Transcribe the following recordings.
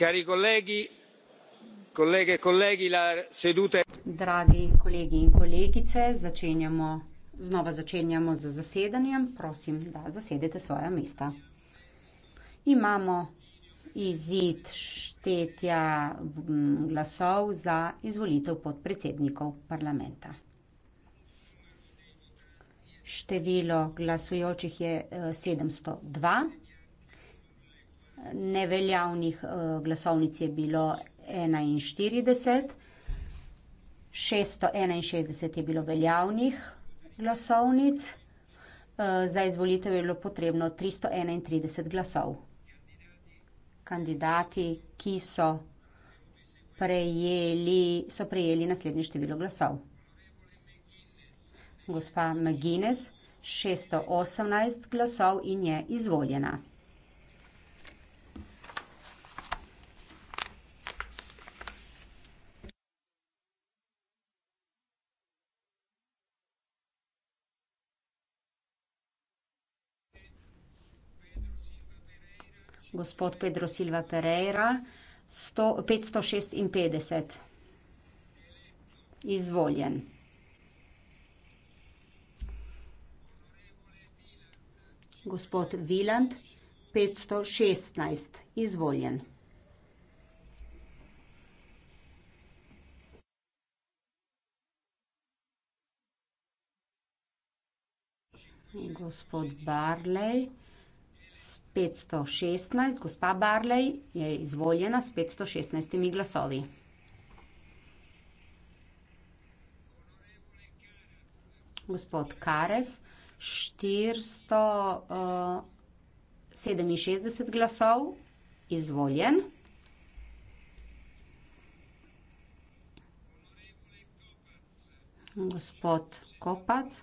cari colleghi colleghe e colleghi la seduta è. dragi colleghi in colegice začenjamo znova začenjamo z zasedanjem prosim da zasedete svoja mesta imamo izid štetja glasov za izvolitev podpredsednikov parlamenta število glasujočih je eh, sedemsto dva neveljavnih eh, glasovnic je bilo 41, 661 je bilo veljavnih glasovnic, eh, za izvolitev je bilo potrebno 331 glasov. Kandidati, ki so prejeli, so prejeli naslednje število glasov. Gospa McGuinness, 618 glasov in je izvoljena. gospod Pedro Silva Pereira, 556. Izvoljen. Gospod Viland, 516. Izvoljen. Gospod Barley, 516, gospa Barley je izvoljena s 516 glasovi. Gospod Kares, 467 eh, glasov, izvoljen. Gospod Kopac,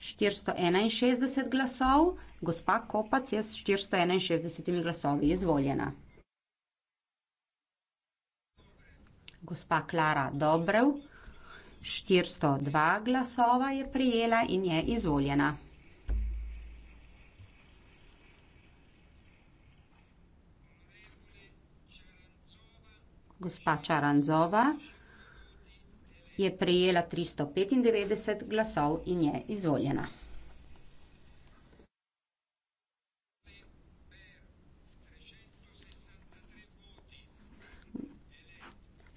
461 glasov, gospa Kopac je s 461 glasovi izvoljena. Gospa Klara Dobrev, 402 glasova je prijela in je izvoljena. Gospa Čaranzova, je prejela 395 glasov in je izvoljena.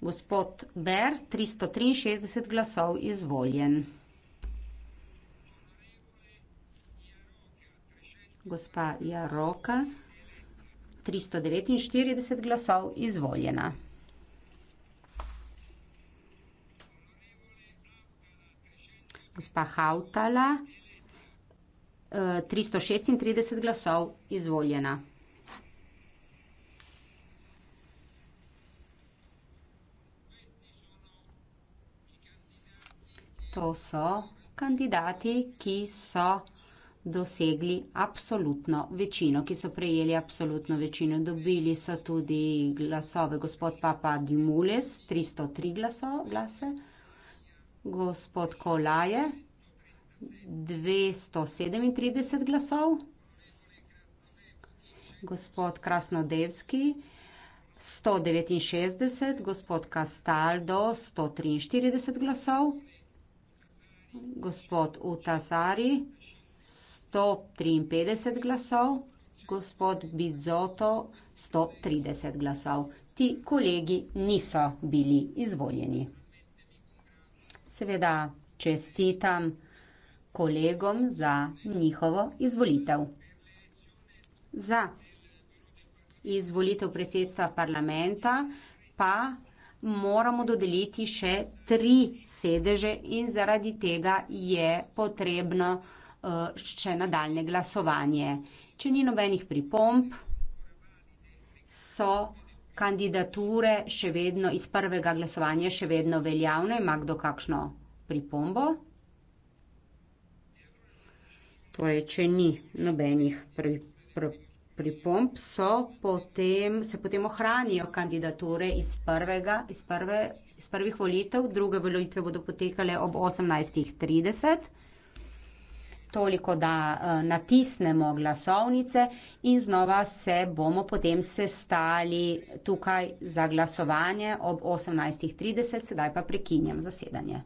Gospod Ber, 363 glasov izvoljen. Gospa Jaroka, 349 glasov izvoljena. gospa Hautala, 336 eh, glasov izvoljena. To so kandidati, ki so dosegli absolutno večino, ki so prejeli absolutno večino. Dobili so tudi glasove gospod Papa Dimules, 303 glaso, glase gospod Kolaje dvesto sedemintrideset glasov, gospod Krasnodevski sto devetinšestdeset, gospod Castaldo sto triinštirideset glasov, gospod Utazari sto triinpetdeset glasov, gospod Bizzotto sto trideset glasov. Ti kolegi niso bili izvoljeni seveda čestitam kolegom za njihovo izvolitev. Za izvolitev predsedstva parlamenta pa moramo dodeliti še tri sedeže in zaradi tega je potrebno eh, še nadaljne glasovanje. Če ni nobenih pripomb, so kandidature še vedno iz prvega glasovanja še vedno veljavne? Ima kdo kakšno pripombo? Torej, če ni nobenih pri, pri, pripomb, so potem, se potem ohranijo kandidature iz, prvega, iz, prve, iz prvih volitev, druge volitve bodo potekale ob 18.30 toliko, da eh, natisnemo glasovnice in znova se bomo potem sestali tukaj za glasovanje ob 18.30, sedaj pa prekinjam zasedanje.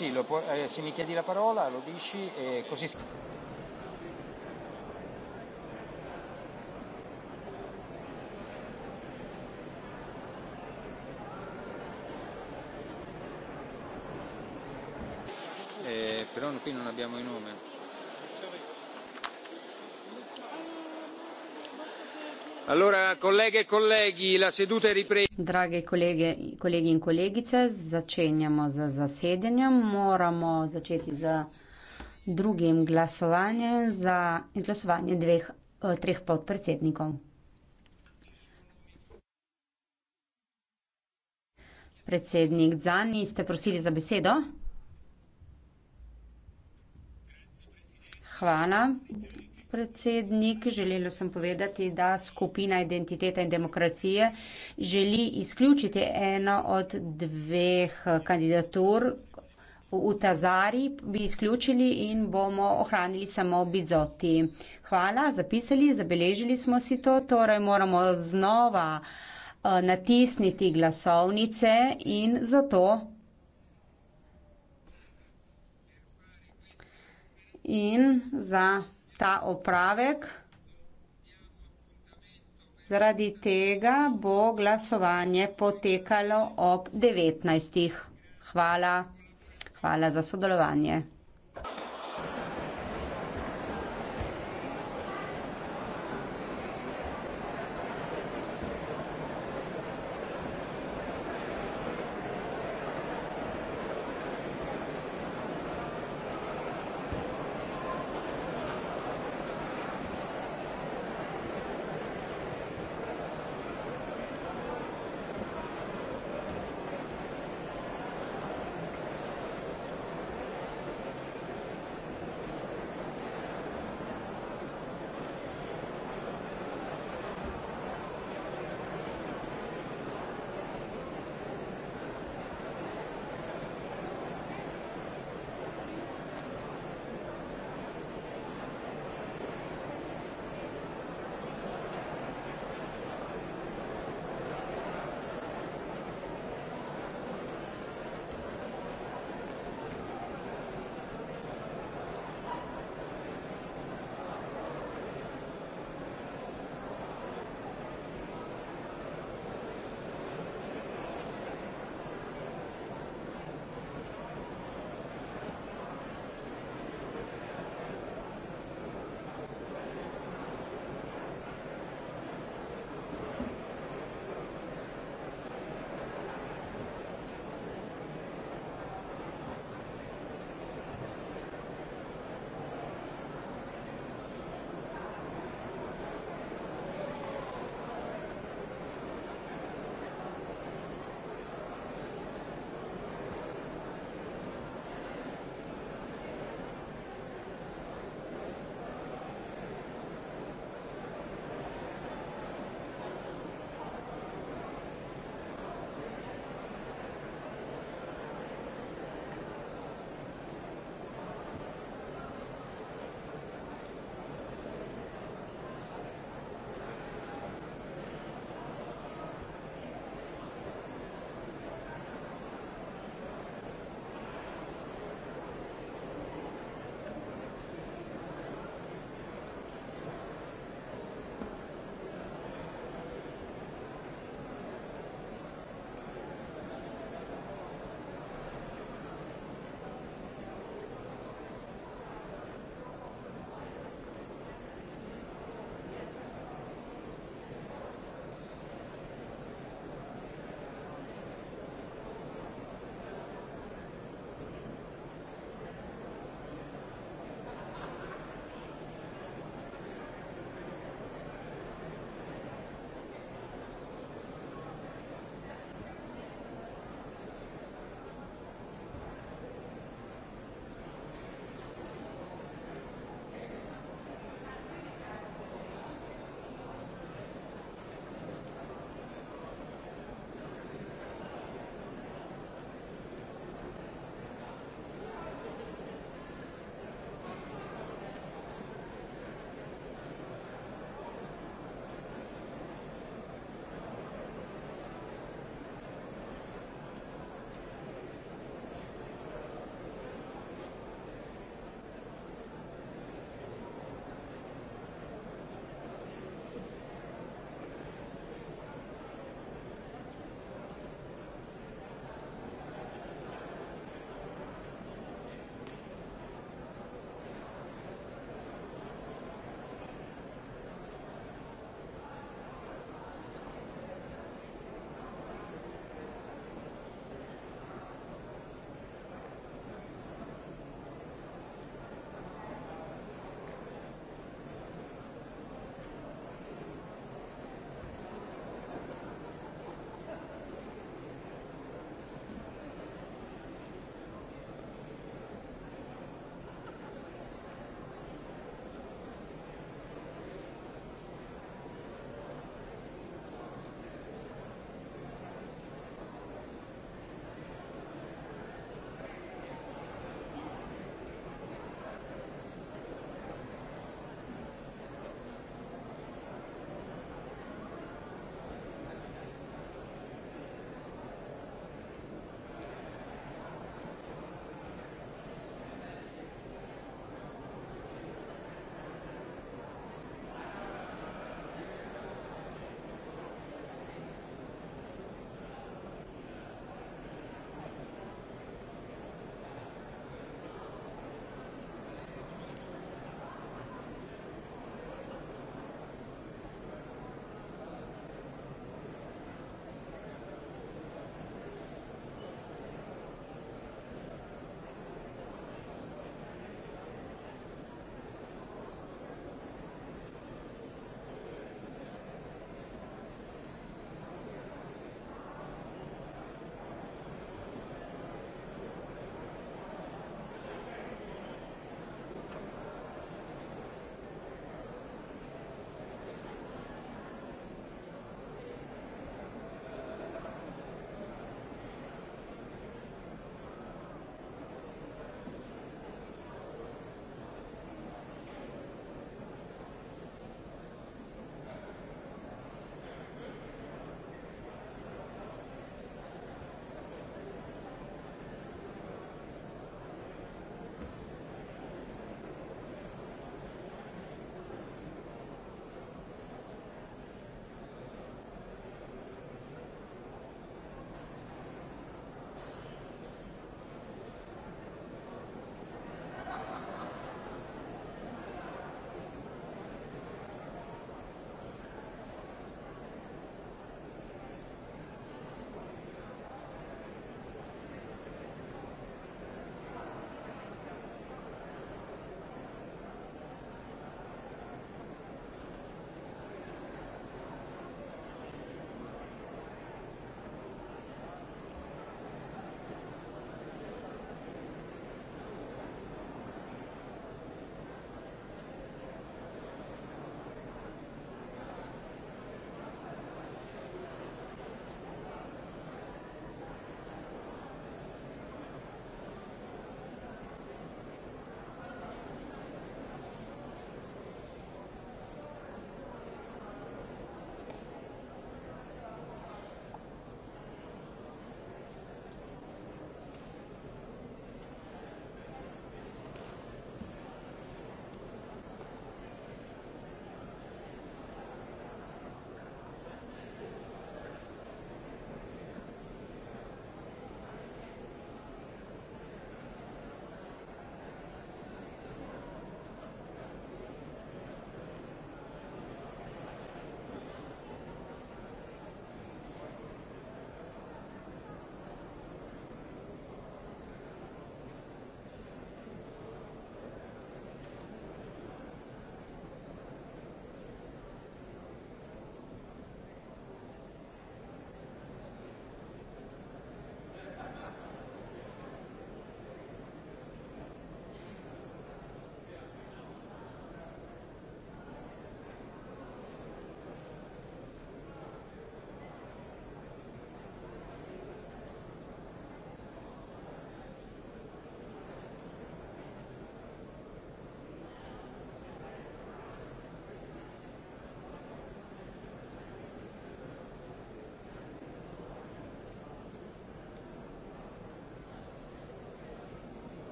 sì, lo può, eh, se mi chiedi la parola lo dici e così... Eh, però qui non abbiamo i nomi. E Drage kolege, kolegi in kolegice, začenjamo z zasedenjem. Moramo začeti z drugim glasovanjem za izglasovanje dveh, eh, treh podpredsednikov. Predsednik Zani, ste prosili za besedo? Hvala predsednik. Želelo sem povedati, da skupina identitete in demokracije želi izključiti eno od dveh kandidatur v Tazari, bi izključili in bomo ohranili samo Bizoti. Hvala, zapisali, zabeležili smo si to, torej moramo znova eh, natisniti glasovnice in zato in za ta opravek. Zaradi tega bo glasovanje potekalo ob 19. Hvala. Hvala za sodelovanje.